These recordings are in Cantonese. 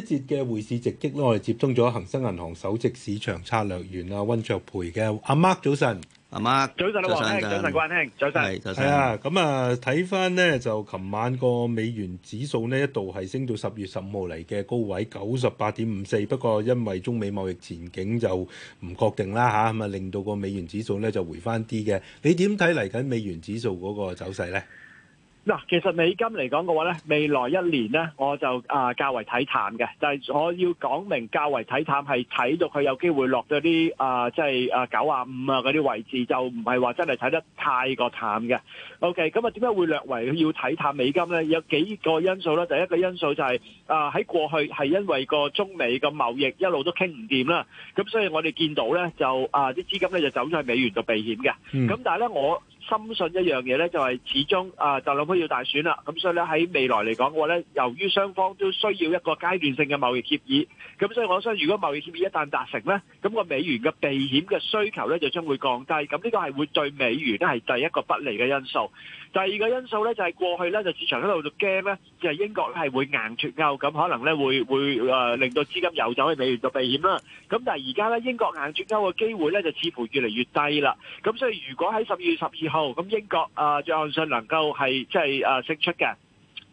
一節嘅匯市直擊咧，我哋接通咗恒生銀行首席市場策略員啊溫灼培嘅。阿 Mark 早晨，阿 Mark 早晨啦，早晨，早晨，早晨，早晨，係啊。咁啊，睇翻呢，就琴晚個美元指數呢，一度係升到十月十五號嚟嘅高位九十八點五四，不過因為中美貿易前景就唔確定啦吓。咁啊令到個美元指數咧就回翻啲嘅。你點睇嚟緊美元指數嗰個走勢咧？嗱，其實美金嚟講嘅話咧，未來一年咧，我就啊、呃、較為睇淡嘅，就係我要講明較為睇淡係睇到佢有機會落到啲、呃、啊，即係啊九啊五啊嗰啲位置，就唔係話真係睇得太過淡嘅。O K，咁啊，點解會略為要睇淡美金咧？有幾個因素咧，第一個因素就係啊喺過去係因為個中美嘅貿易一路都傾唔掂啦，咁所以我哋見到咧就啊啲、呃、資金咧就走咗去美元度避險嘅，咁、嗯、但係咧我。深信一樣嘢咧，就係始終啊，特朗普要大選啦，咁所以咧喺未來嚟講嘅話咧，由於雙方都需要一個階段性嘅貿易協議，咁所以我相信，如果貿易協議一旦達成咧，咁個美元嘅避險嘅需求咧就將會降低，咁呢個係會對美元係第一個不利嘅因素。第二個因素咧就係過去咧就市場喺度驚咧，就係英國係會硬脱歐，咁可能咧會會誒令到資金遊走去美元度避險啦。咁但係而家咧英國硬脱歐嘅機會咧就似乎越嚟越低啦。咁所以如果喺十二月十二號，哦，咁英國啊，相信能夠係即係啊勝出嘅，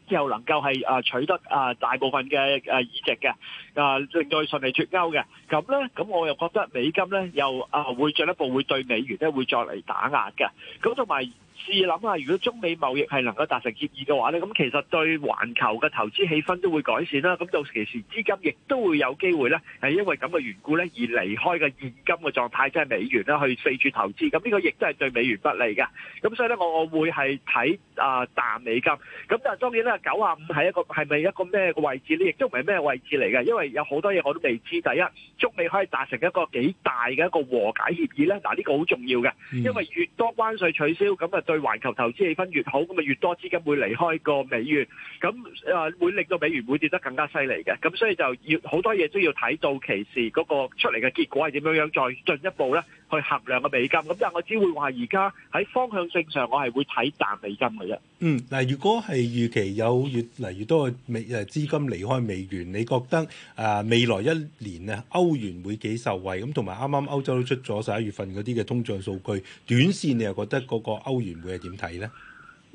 又能夠係啊取得啊大部分嘅啊議席嘅，啊令到佢順利脱歐嘅。咁咧，咁我又覺得美金咧又啊會進一步會對美元咧會再嚟打壓嘅。咁同埋。試諗下，如果中美貿易係能夠達成協議嘅話呢，咁其實對環球嘅投資氣氛都會改善啦。咁到時時資金亦都會有機會呢，係因為咁嘅緣故呢，而離開嘅現金嘅狀態，即係美元啦，去四處投資。咁呢個亦都係對美元不利嘅。咁所以呢，我會係睇啊淡美金。咁但係當然啦，九啊五係一個係咪一個咩位置呢？亦都唔係咩位置嚟嘅，因為有好多嘢我都未知。第一，中美可以達成一個幾大嘅一個和解協議呢。嗱，呢個好重要嘅，因為越多關稅取消，咁啊對。環球投資氣氛越好，咁啊越多資金會離開個美元，咁誒會令到美元會跌得更加犀利嘅，咁所以就要好多嘢都要睇到期時嗰個出嚟嘅結果係點樣樣，再進一步咧。去衡量嘅美金，咁但係我只會話而家喺方向性上，我係會睇賺美金嘅啫。嗯，嗱，如果係預期有越嚟越多嘅美誒資金離開美元，你覺得啊未來一年啊歐元會幾受惠？咁同埋啱啱歐洲都出咗十一月份嗰啲嘅通脹數據，短線你又覺得嗰個歐元會係點睇咧？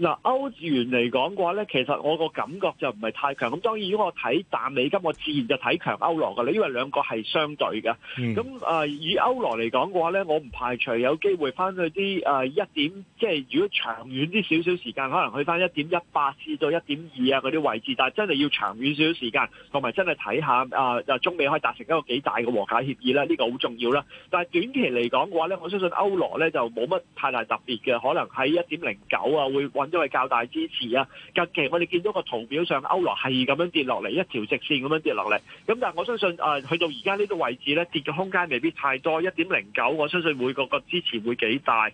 嗱，歐元嚟講嘅話咧，其實我個感覺就唔係太強。咁當然，如果我睇淡美金，我自然就睇強歐羅㗎。你，因為兩個係相對嘅。咁、嗯、啊、呃，以歐羅嚟講嘅話咧，我唔排除有機會翻去啲啊、呃、一點，即係如果長遠啲少少時間，可能去翻一點一八至到一點二啊嗰啲位置。但係真係要長遠少少時間，同埋真係睇下啊、呃，中美可以達成一個幾大嘅和解協議啦呢，呢個好重要啦。但係短期嚟講嘅話咧，我相信歐羅咧就冇乜太大特別嘅，可能喺一點零九啊會因為較大支持啊，近期我哋見到個圖表上歐羅係咁樣跌落嚟，一條直線咁樣跌落嚟。咁但係我相信啊，去、呃、到而家呢個位置咧，跌嘅空間未必太多。一點零九，我相信每個個支持會幾大。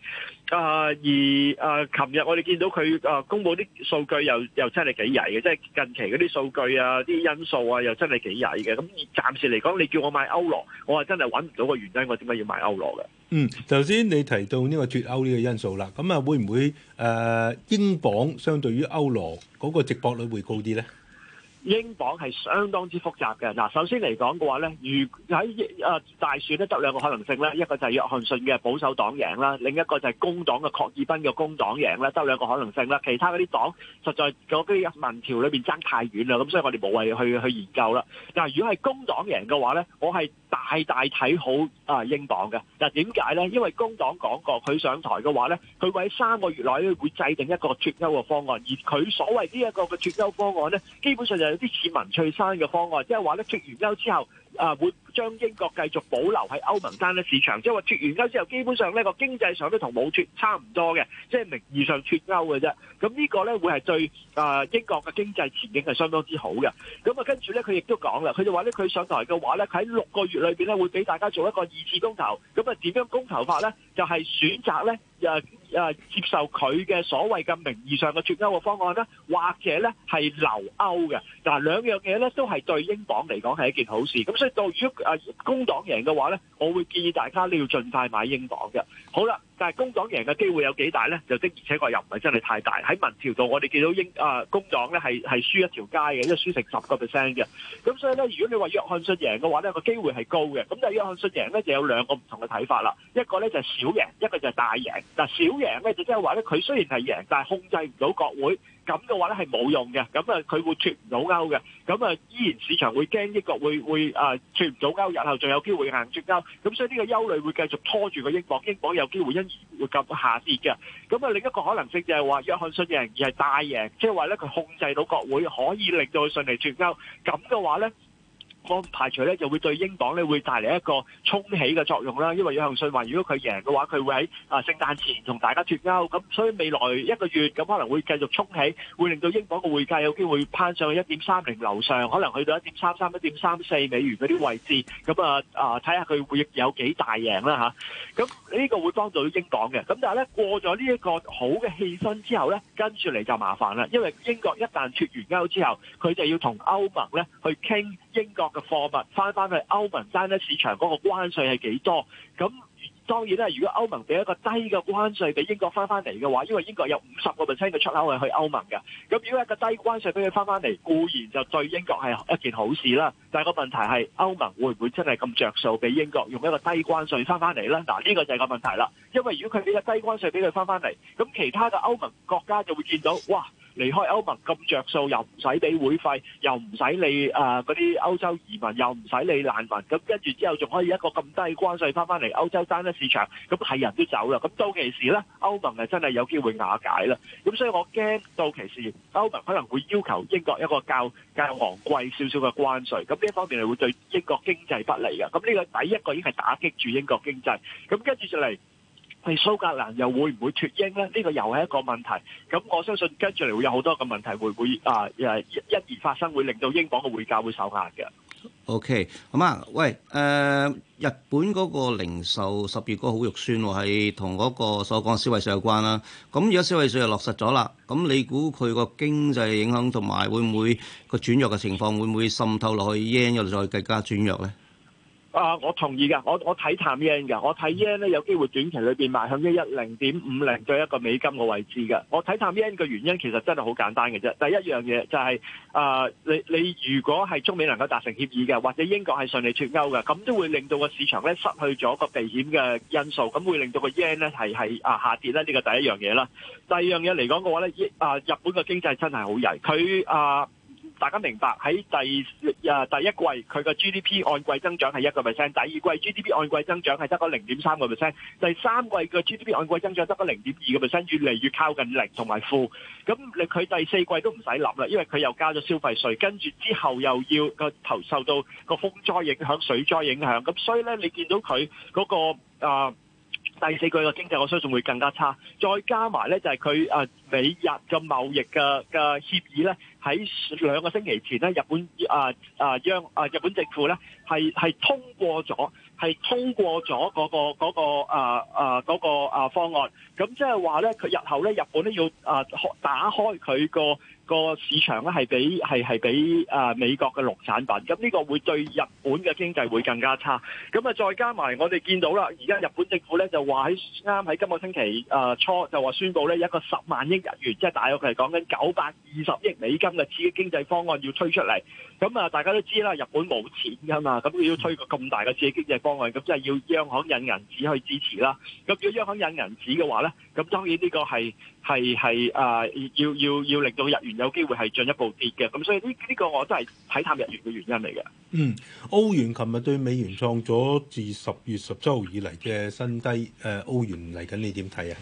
啊！而啊，琴日我哋見到佢啊，公布啲數據又又真係幾曳嘅，即係近期嗰啲數據啊、啲因素啊，又真係幾曳嘅。咁暫時嚟講，你叫我買歐羅，我啊真係揾唔到個原因，我點解要買歐羅嘅？嗯，頭先你提到呢個脱歐呢個因素啦，咁啊會唔會誒英鎊相對於歐羅嗰個值博率會高啲咧？英鎊係相當之複雜嘅。嗱，首先嚟講嘅話咧，如喺啊大選咧，得兩個可能性咧，一個就係約翰遜嘅保守黨贏啦，另一個就係工黨嘅郝爾彬嘅工黨贏啦，得兩個可能性啦。其他嗰啲黨實在嗰啲民調裏邊爭太遠啦，咁所以我哋無謂去去研究啦。嗱，如果係工黨贏嘅話咧，我係大大睇好啊英鎊嘅。嗱，點解咧？因為工黨講過佢上台嘅話咧，佢會喺三個月內咧會制定一個脱歐嘅方案，而佢所謂呢一個嘅脱歐方案咧，基本上就是啲似文翠山嘅方案，即係話咧，脱完歐之後，啊、呃、會將英國繼續保留喺歐盟單一市場，即係話脱完歐之後，基本上咧個經濟上都同冇脱差唔多嘅，即係名義上脱歐嘅啫。咁呢個咧會係對啊英國嘅經濟前景係相當之好嘅。咁啊跟住呢，佢亦都講啦，佢就話呢，佢上台嘅話佢喺六個月裏邊咧會俾大家做一個二次公投。咁啊點樣公投法呢？就係選擇呢。啊、呃。誒、啊、接受佢嘅所謂嘅名義上嘅脱歐嘅方案咧，或者咧係留歐嘅嗱，兩、啊、樣嘢咧都係對英鎊嚟講係一件好事。咁所以到如果、呃、工黨贏嘅話咧，我會建議大家咧要盡快買英鎊嘅。好啦，但係工黨贏嘅機會有幾大呢？就的而且確又唔係真係太大。喺民調度，我哋見到英誒、呃、工黨咧係係輸一條街嘅，即係輸成十個 percent 嘅。咁所以呢，如果你話約翰遜贏嘅話呢，個機會係高嘅。咁但係約翰遜贏呢，就有兩個唔同嘅睇法啦。一個呢就係、是、小贏，一個就係大贏嗱小。贏咧就即係話咧，佢雖然係贏，但係控制唔到國會，咁嘅話咧係冇用嘅，咁啊佢會脱唔到歐嘅，咁啊依然市場會驚英國會會脱唔到歐，日後仲有機會行脱歐，咁所以呢個憂慮會繼續拖住個英鎊，英鎊有機會因而會咁下跌嘅，咁啊另一個可能性就係話約翰遜贏而係大贏，即係話咧佢控制到國會可以令到佢順利脱歐，咁嘅話咧。我唔排除咧，就會對英鎊咧會帶嚟一個沖起嘅作用啦。因為有行信話，如果佢贏嘅話，佢會喺啊聖誕前同大家脱歐，咁所以未來一個月咁可能會繼續沖起，會令到英鎊嘅匯價有機會攀上去一點三零樓上，可能去到一點三三、一點三四美元嗰啲位置。咁啊啊，睇下佢會有幾大贏啦嚇。咁呢個會幫助到英鎊嘅。咁但係咧過咗呢一個好嘅氣氛之後咧，跟住嚟就麻煩啦。因為英國一旦脱完歐之後，佢就要同歐盟咧去傾英國。貨物翻翻去歐盟單一市場嗰個關稅係幾多？咁當然啦，如果歐盟俾一個低嘅關稅俾英國翻翻嚟嘅話，因為英國有五十個 percent 嘅出口係去歐盟嘅。咁如果一個低關稅俾佢翻翻嚟，固然就對英國係一件好事啦。但係個問題係歐盟會唔會真係咁着數俾英國用一個低關稅翻翻嚟呢？嗱，呢個就係個問題啦。因為如果佢俾個低關稅俾佢翻翻嚟，咁其他嘅歐盟國家就會見到哇。離開歐盟咁著數，又唔使俾會費，又唔使理啊嗰啲歐洲移民，又唔使理難民，咁跟住之後仲可以一個咁低關稅翻翻嚟歐洲單一市場，咁係人都走啦。咁到期時呢，歐盟係真係有機會瓦解啦。咁所以我驚到期時歐盟可能會要求英國一個較較昂貴少少嘅關稅，咁呢一方面係會對英國經濟不利嘅。咁呢個第一個已經係打擊住英國經濟，咁跟住住嚟。係蘇格蘭又會唔會脱英咧？呢個又係一個問題。咁我相信跟住嚟會有好多嘅問題，會唔會啊誒一而發生，會令到英鎊嘅匯價會受壓嘅。O K，咁啊，喂誒，日本嗰個零售十月嗰個好肉酸，係同嗰個所講消費稅有關啦。咁而家消費稅又落實咗啦。咁你估佢個經濟影響同埋會唔會個轉弱嘅情況，會唔會滲透落去英又再更加轉弱咧？啊！我同意噶，我我睇淡 yen 噶，我睇 yen 咧有機會短期裏面賣向一一零點五零對一個美金嘅位置㗎。我睇淡 yen 嘅原因其實真係好簡單嘅啫。第一樣嘢就係、是、啊、呃，你你如果係中美能夠達成協議嘅，或者英國係順利脱歐嘅，咁都會令到個市場咧失去咗個避險嘅因素，咁會令到個 yen 咧係係啊下跌咧。呢個第一樣嘢啦。第二樣嘢嚟講嘅話咧，啊日本嘅經濟真係好曳，佢啊。大家明白喺第啊第一季佢嘅 GDP 按季增長係一個 percent，第二季 GDP 按季增長係得個零點三個 percent，第三季嘅 GDP 按季增長得個零點二個 percent，越嚟越靠近零同埋負。咁你佢第四季都唔使諗啦，因為佢又加咗消費稅，跟住之後又要個頭受到個風災影響、水災影響。咁所以咧，你見到佢嗰個、呃第四個經濟我相信會更加差，再加埋咧就係、是、佢啊美日嘅貿易嘅嘅協議咧，喺兩個星期前咧，日本啊央啊央啊日本政府咧係係通過咗，係通過咗嗰、那個嗰、那個啊啊、那個、方案，咁即係話咧佢日後咧日本咧要啊打開佢個。個市場咧係比係係比誒、啊、美國嘅農產品，咁呢個會對日本嘅經濟會更加差。咁啊，再加埋我哋見到啦，而家日本政府咧就話喺啱喺今個星期誒、啊、初就話宣佈呢一個十萬億日元，即、就、係、是、大約佢係講緊九百二十億美金嘅刺激經濟方案要推出嚟。咁啊，大家都知啦，日本冇錢噶嘛，咁佢要推個咁大嘅刺激經濟方案，咁即係要央行印銀紙去支持啦。咁如果央行印銀紙嘅話咧，咁當然呢個係係係誒要要要令到日元。有機會係進一步跌嘅，咁所以呢呢、呢個我都係睇淡日元嘅原因嚟嘅。嗯，歐元琴日對美元創咗自十月十七號以嚟嘅新低。誒、呃，歐元嚟緊，你點睇啊？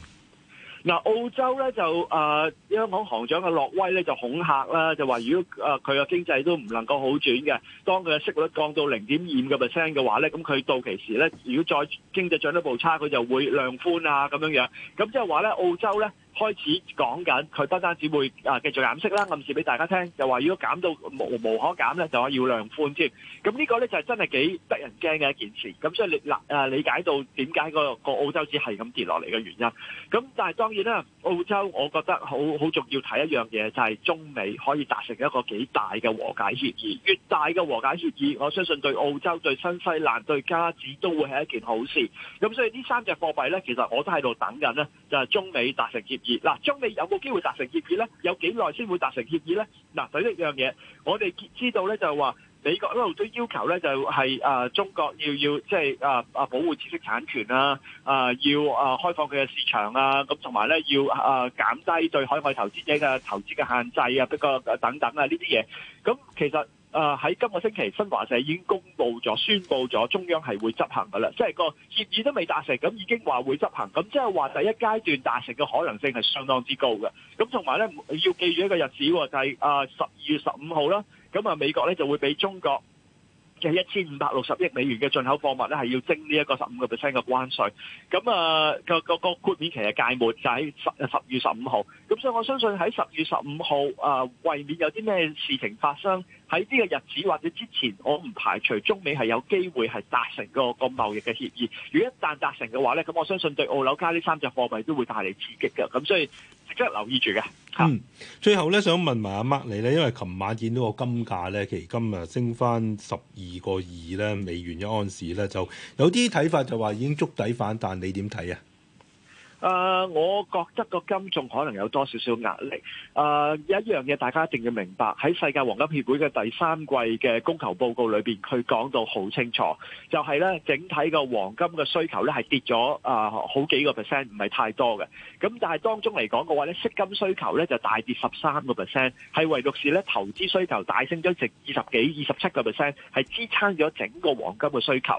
嗱、嗯，澳洲咧就誒、呃，香港行長嘅洛威咧就恐嚇啦，就話如果誒佢嘅經濟都唔能夠好轉嘅，當佢嘅息率降到零點二五嘅 percent 嘅話咧，咁佢到期時咧，如果再經濟進一步差，佢就會量寬啊咁樣樣。咁即係話咧，澳洲咧。開始講緊，佢不單止會啊繼續減息啦，暗示俾大家聽，又話如果減到無，無可減咧，就話要量寬添。咁呢個咧就係真係幾得人驚嘅一件事。咁所以你嗱理解到點解個個澳洲紙係咁跌落嚟嘅原因。咁但係當然啦，澳洲我覺得好好重要睇一樣嘢，就係、是、中美可以達成一個幾大嘅和解協議。越大嘅和解協議，我相信對澳洲、對新西蘭、對加紙都會係一件好事。咁所以三貨幣呢三隻貨幣咧，其實我都喺度等緊呢，就係、是、中美達成協。嗱、啊，將你有冇機會達成協議咧？有幾耐先會達成協議咧？嗱、啊，第一樣嘢，我哋知道咧，就係、是、話美國一路都要求咧，就係、是啊、中國要要即係、就是、啊啊保護知識產權啊，啊要啊開放佢嘅市場啊，咁同埋咧要啊減低對海外投資者嘅投資嘅限制啊，不過等等啊，呢啲嘢，咁、啊、其實誒喺今個星期，新華社已經公布咗、宣佈咗中央係會執行嘅啦。即係個協議都未達成，咁已經話會執行，咁即係話第一階段達成嘅可能性係相當之高嘅。咁同埋咧，要記住一個日子，就係誒十二月十五號啦。咁啊，美國咧就會俾中國嘅一千五百六十億美元嘅進口貨物咧，係要徵呢一個十五個 percent 嘅關稅。咁啊，個個個豁免期嘅屆末就喺十十月十五號。咁所以我相信喺十月十五號啊，為免有啲咩事情發生。喺呢個日子或者之前，我唔排除中美係有機會係達成個個貿易嘅協議。如果一旦達成嘅話咧，咁我相信對澳紐加呢三隻貨幣都會帶嚟刺激嘅。咁所以即刻留意住嘅。嗯，最後咧想問埋阿 Mark 你咧，因為琴晚見到個金價咧，其今日升翻十二個二咧，美元一盎司咧，就有啲睇法就話已經觸底反彈，你點睇啊？啊、呃，我覺得個金仲可能有多少少壓力。啊、呃，有一樣嘢大家一定要明白，喺世界黃金協會嘅第三季嘅供求報告裏邊，佢講到好清楚，就係、是、咧整體個黃金嘅需求咧係跌咗啊好幾個 percent，唔係太多嘅。咁但係當中嚟講嘅話咧，飾金需求咧就大跌十三個 percent，係唯獨是咧投資需求大升咗成二十幾、二十七個 percent，係支撐咗整個黃金嘅需求。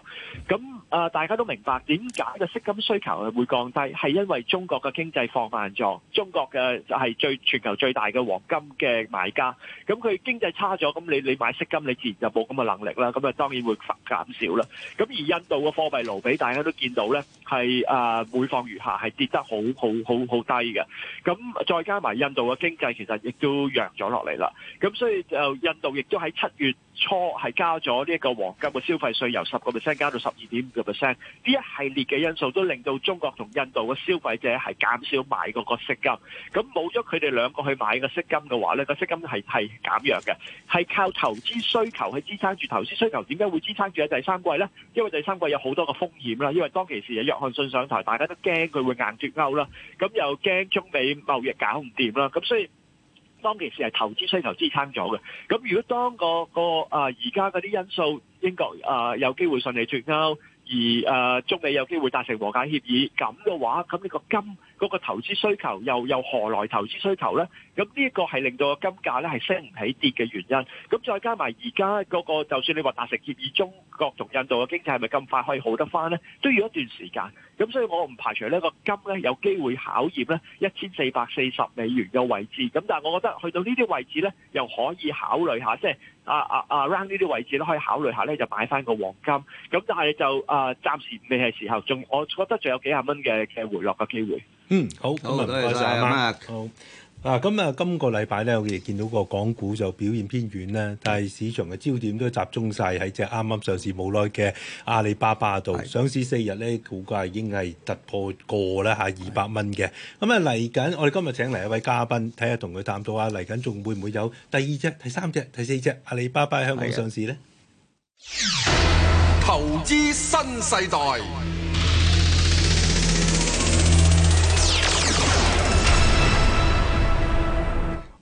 咁、嗯啊！大家都明白點解個息金需求係會降低，係因為中國嘅經濟放慢咗。中國嘅就係最全球最大嘅黃金嘅買家。咁佢經濟差咗，咁你你買息金，你自然就冇咁嘅能力啦。咁啊，當然會減少啦。咁而印度嘅貨幣盧比，大家都見到咧，係啊，每況愈下，係跌得好好好好低嘅。咁再加埋印度嘅經濟其實亦都弱咗落嚟啦。咁所以就印度亦都喺七月初係加咗呢一個黃金嘅消費稅，由十個 percent 加到十二點。呢一系列嘅因素都令到中國同印度嘅消費者係減少買個息金，咁冇咗佢哋兩個去買個息金嘅話呢個息金係係減弱嘅，係靠投資需求去支撐住。投資需求點解會支撐住喺第三季呢？因為第三季有好多嘅風險啦，因為當其時有約翰遜上台，大家都驚佢會硬脫歐啦，咁又驚中美貿易搞唔掂啦，咁所以當其時係投資需求支撐咗嘅。咁如果當、那個個啊而家嗰啲因素，英國啊有機會順利脫歐。而呃，中美有機會達成和解協議。咁嘅話，咁呢個金。嗰、那個投資需求又又何來投資需求呢？咁呢一個係令到個金價呢係升唔起跌嘅原因。咁再加埋而家嗰個，就算你話達成協議，中國同印度嘅經濟係咪咁快可以好得翻呢？都要一段時間。咁所以我唔排除呢個金呢有機會考驗呢一千四百四十美元嘅位置。咁但係我覺得去到呢啲位置呢，又可以考慮下，即係啊啊啊 round 呢啲位置都可以考慮下呢，就買翻個黃金。咁但係就啊、呃，暫時未係時候，仲我覺得仲有幾十蚊嘅嘅回落嘅機會。嗯，好，咁啊唔該晒阿 Mark，好，嗱咁啊今個禮拜咧，我哋見到個港股就表現偏軟咧，但係市場嘅焦點都集中晒喺隻啱啱上市冇耐嘅阿里巴巴度，上市四日咧，股價已經係突破過啦吓二百蚊嘅，咁啊嚟緊，我哋今日請嚟一位嘉賓，睇下同佢探討下嚟緊仲會唔會有第二隻、第三隻、第四隻阿里巴巴香港上市咧？投資新世代。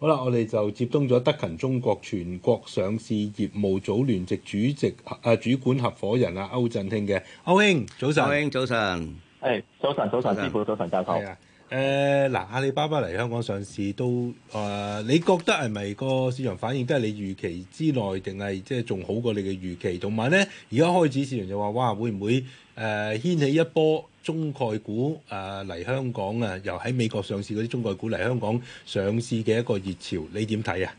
好啦，我哋就接通咗德勤中國全國上市業務組聯席主席啊、呃、主管合夥人阿歐振興嘅，歐兄早晨，歐兄早晨，係早晨早晨，早晨早晨早晨係啊，誒、呃、嗱，阿里巴巴嚟香港上市都誒、呃，你覺得係咪個市場反應都係你預期之內，定係即係仲好過你嘅預期？同埋咧，而家開始市場就話哇，會唔會誒、呃、掀起一波？中概股啊嚟香港啊，又喺美國上市嗰啲中概股嚟香港上市嘅一個熱潮，你點睇啊？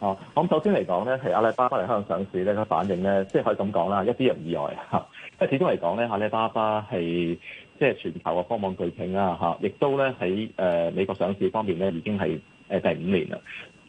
哦，咁首先嚟講咧，係阿里巴巴嚟香港上市咧，個反應咧，即係可以咁講啦，一啲人意外嚇。即係始終嚟講咧，阿里巴巴係即係全球嘅科網巨擎啦嚇，亦都咧喺誒美國上市方面咧，已經係誒第五年啦。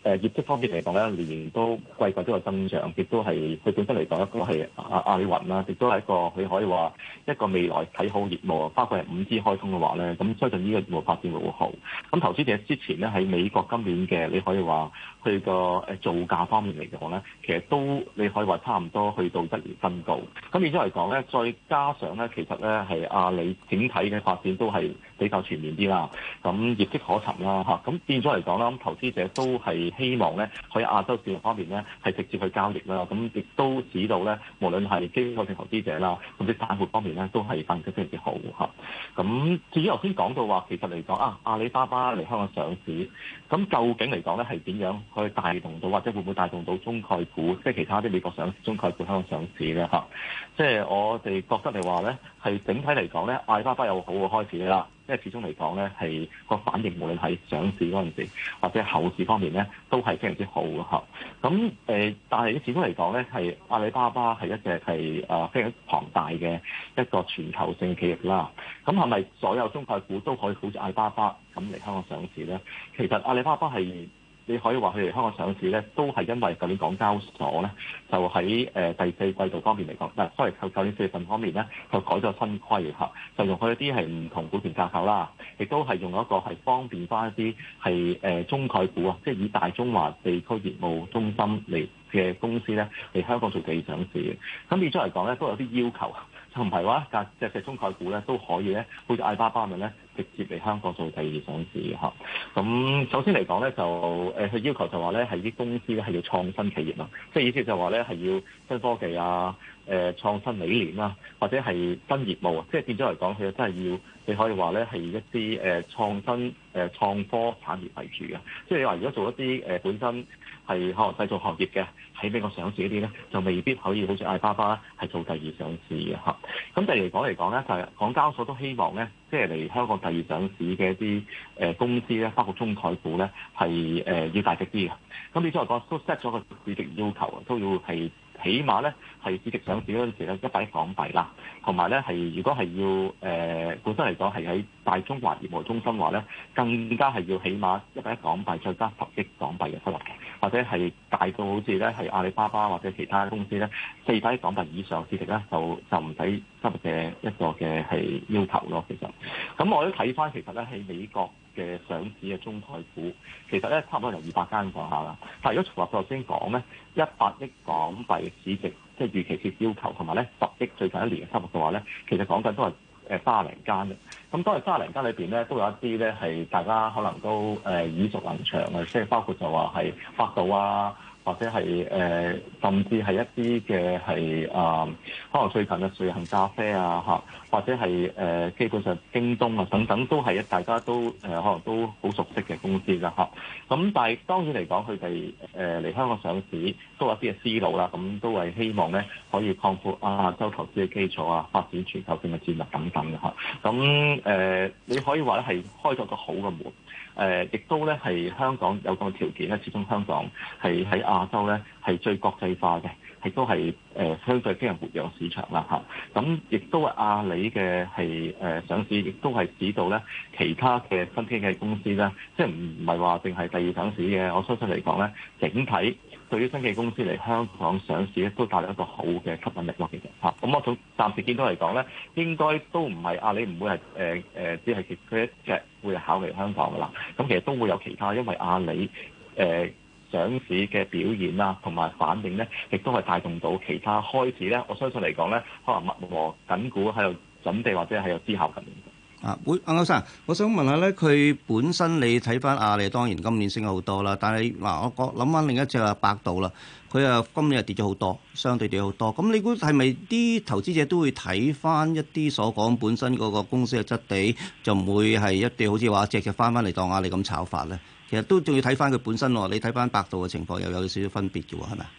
誒業績方面嚟講咧，年年都季季都有增長，亦都係佢本身嚟講一個係阿里雲啦，亦都係一個你可以話一個未來睇好業務，包括係五 G 開通嘅話咧，咁相信呢個業務發展會好。咁投資者之前咧喺美國今年嘅，你可以話佢個誒造價方面嚟講咧，其實都你可以話差唔多去到一年新高。咁變咗嚟講咧，再加上咧，其實咧係阿里整體嘅發展都係。比較全面啲啦，咁業績可尋啦，咁變咗嚟講啦，咁投資者都係希望咧，去亞洲市場方面咧係直接去交易啦，咁亦都指到咧，無論係機構性投資者啦，咁啲大戶方面咧都係反應得非常之好吓。咁至於頭先講到話，其實嚟講啊，阿里巴巴嚟香港上市，咁究竟嚟講咧係點樣去帶動到，或者會唔會帶動到中概股，即係其他啲美國上市中概股香港上市咧吓？即係我哋覺得嚟話咧，係整體嚟講咧，阿里巴巴有好嘅開始啦。因為始終嚟講咧，係個反應無論喺上市嗰陣時或者後市方面咧，都係非常之好嘅嚇。咁、嗯、誒，但係始終嚟講咧，係阿里巴巴係一隻係誒非常之龐大嘅一個全球性企業啦。咁係咪所有中概股都可以好似阿里巴巴咁嚟香港上市咧？其實阿里巴巴係。你可以話佢哋香港上市咧，都係因為舊年港交所咧，就喺誒、呃、第四季度方面嚟講，嗱、啊，因為舊舊年四月份方面咧，就改咗新規嚇，就用佢一啲係唔同股權架構啦，亦都係用一個係方便翻一啲係誒中概股啊，即係以大中華地區業務中心嚟嘅公司咧，嚟香港做第二上市。咁變咗嚟講咧，都有啲要求，就唔係話隔隻隻中概股咧都可以咧，好似阿里巴巴咧，直接嚟香港做第二上市嘅嚇。咁首先嚟講咧，就誒佢、呃、要求就話咧，係啲公司咧係要創新企業啦，即係意思就話咧係要新科技啊、誒、呃、創新理念啦，或者係新業務啊。即係變咗嚟講，佢真係要你可以話咧係一啲誒創新誒創科產業為主嘅。即係你話如果做一啲誒本身係可能製造行業嘅喺美國上市啲咧，就未必可以好似阿里巴巴係做第二上市嘅嚇。咁第二嚟講嚟講咧，就係、是、港交所都希望咧。即係嚟香港第二上市嘅一啲誒公司咧，包括中概股咧，係誒要大隻啲嘅。咁你作為講都 set 咗個市值要求，都要係。起碼咧係市值上市嗰陣時咧一百億港幣啦，同埋咧係如果係要誒、呃、本身嚟講係喺大中華業務中心話咧，更加係要起碼一百億港幣再加十億港幣嘅收入，或者係大到好似咧係阿里巴巴或者其他公司咧，四百億港幣以上市值咧，就就唔使收嘅一個嘅係要求咯。其實咁我都睇翻其實咧喺美國。嘅上市嘅中概股，其實咧差唔多有二百間講下啦。但係如果從話頭先講咧，一百億港幣嘅市值，即係預期接要求，同埋咧十億最近一年嘅收入嘅話咧，其實講緊都係誒三零間嘅。咁當然卅零間裏邊咧都有一啲咧係大家可能都誒耳熟能詳嘅，即係包括就話係百度啊。或者係誒、呃，甚至係一啲嘅係啊，可能最近嘅瑞幸咖啡啊嚇，或者係誒、呃、基本上京東啊等等，都係大家都誒、呃、可能都好熟悉嘅公司啦嚇。咁、啊、但係當然嚟講，佢哋誒嚟香港上市都有啲嘅思路啦，咁、啊、都係希望咧可以擴闊亞洲投資嘅基礎啊，發展全球性嘅戰略等等嘅嚇。咁誒，你可以話咧係開咗個好嘅門。誒，亦都咧係香港有個條件咧，始終香港係喺亞洲咧係最國際化嘅，亦都係誒相對非常活躍市場啦嚇。咁亦都係阿里嘅係誒上市，亦都係指導咧其他嘅新科技公司咧，即係唔係話淨係第二上市嘅。我相信嚟講咧，整體，對於新嘅公司嚟香港上市咧，都帶嚟一個好嘅吸引力咯。其實，嚇咁我都暫時見到嚟講咧，應該都唔係阿里唔會係誒誒，只係其中一隻會考慮香港噶啦。咁其實都會有其他，因為阿里誒、呃、上市嘅表現啊，同埋反應咧，亦都係帶動到其他開始咧。我相信嚟講咧，可能物和緊股喺度準備，或者喺度思考緊。啊，會、嗯，阿歐生，我想問一下咧，佢本身你睇翻阿里，當然今年升好多啦。但係嗱、啊，我諗翻另一隻啊，百度啦，佢又今年又跌咗好多，相對跌好多。咁你估係咪啲投資者都會睇翻一啲所講本身嗰個公司嘅質地，就唔會係一啲好似話隻隻翻翻嚟當阿里咁炒法咧？其實都仲要睇翻佢本身喎。你睇翻百度嘅情況又有少少分別嘅喎，係咪啊？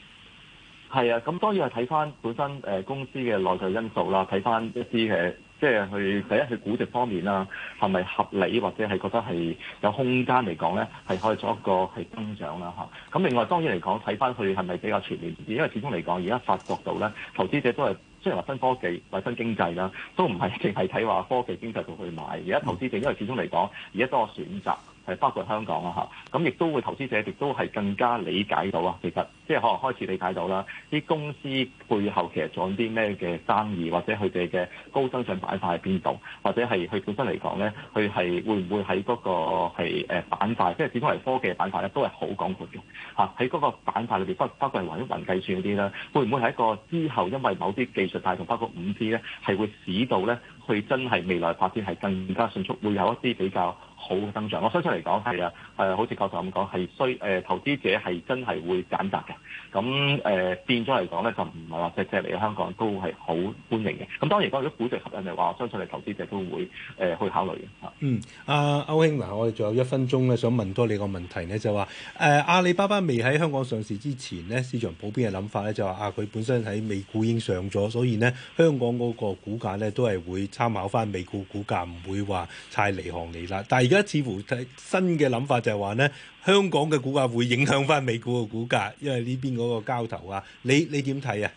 係啊，咁當然係睇翻本身誒公司嘅內在因素啦，睇翻一啲嘅。即係去第一係估值方面啦，係咪合理或者係覺得係有空間嚟講咧，係可以做一個係增長啦嚇。咁另外當然嚟講，睇翻佢係咪比較全面啲，因為始終嚟講而家發覺到咧，投資者都係雖然話新科技或新經濟啦，都唔係淨係睇話科技經濟度去買。而家投資者因為始終嚟講，而家多個選擇。係包括香港啊嚇，咁亦都會投資者亦都係更加理解到啊，其實即係可能開始理解到啦，啲公司背後其實做啲咩嘅生意，或者佢哋嘅高增長板塊喺邊度，或者係佢本身嚟講咧，佢係會唔會喺嗰個係誒板塊，即係始終係科技板塊咧，都係好廣闊嘅嚇。喺嗰個板塊裏邊，不包括雲計算嗰啲啦，會唔會係一個之後因為某啲技術帶動，包括五 G 咧，係會使到咧，去真係未來發展係更加迅速，會有一啲比較好嘅增長，我相信嚟講係啊，係、呃、好似教授咁講，係需誒投資者係真係會揀擇嘅。咁誒、呃、變咗嚟講咧，就唔係話隻隻嚟香港都係好歡迎嘅。咁當然講，如果估值吸引嘅話，我相信你投資者都會誒、呃、去考慮嘅。嗯，阿、呃、歐兄，我哋仲有一分鐘咧，想問多你個問題呢，就話誒、呃、阿里巴巴未喺香港上市之前呢，市場普遍嘅諗法咧就話啊，佢本身喺美股已經上咗，所以呢，香港嗰個股價咧都係會參考返美股股價，唔會話太離行離迾。但而家似乎新嘅諗法就係話咧，香港嘅股價會影響翻美股嘅股價，因為呢邊嗰個交投啊，你你點睇啊？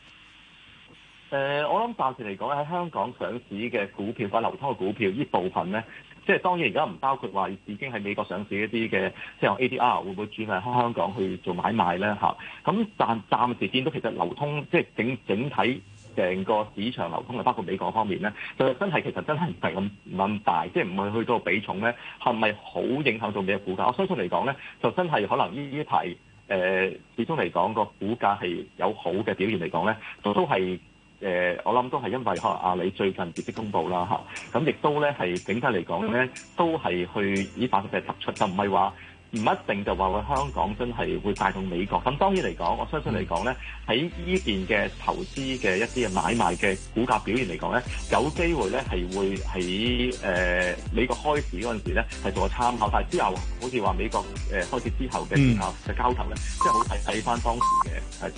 誒、呃，我諗暫時嚟講喺香港上市嘅股票或者流通嘅股票呢部分咧，即係當然而家唔包括話已經喺美國上市一啲嘅即係用 ADR，會唔會轉嚟香港去做買賣咧？吓、啊，咁暫暫時見到其實流通即係整整體。成個市場流通啊，包括美國方面咧，就真係其實真係唔係咁咁大，即係唔係去到比重咧，係咪好影響到你嘅股價？我相信嚟講咧，就真係可能呢呢排誒，始終嚟講個股價係有好嘅表現嚟講咧，都係誒、呃，我諗都係因為可能阿里最近業績公布啦吓，咁亦都咧係整體嚟講咧，都係去反八隻突出，就唔係話。唔一定就話我香港真係會帶動美國，咁當然嚟講，我相信嚟講呢，喺呢邊嘅投資嘅一啲嘅買賣嘅股價表現嚟講呢，有機會呢係會喺、呃、美國開市嗰陣時呢係做個參考，但係之後好似話美國、呃、開始之後嘅時候嘅交投呢，即係好係睇返當時嘅係。呃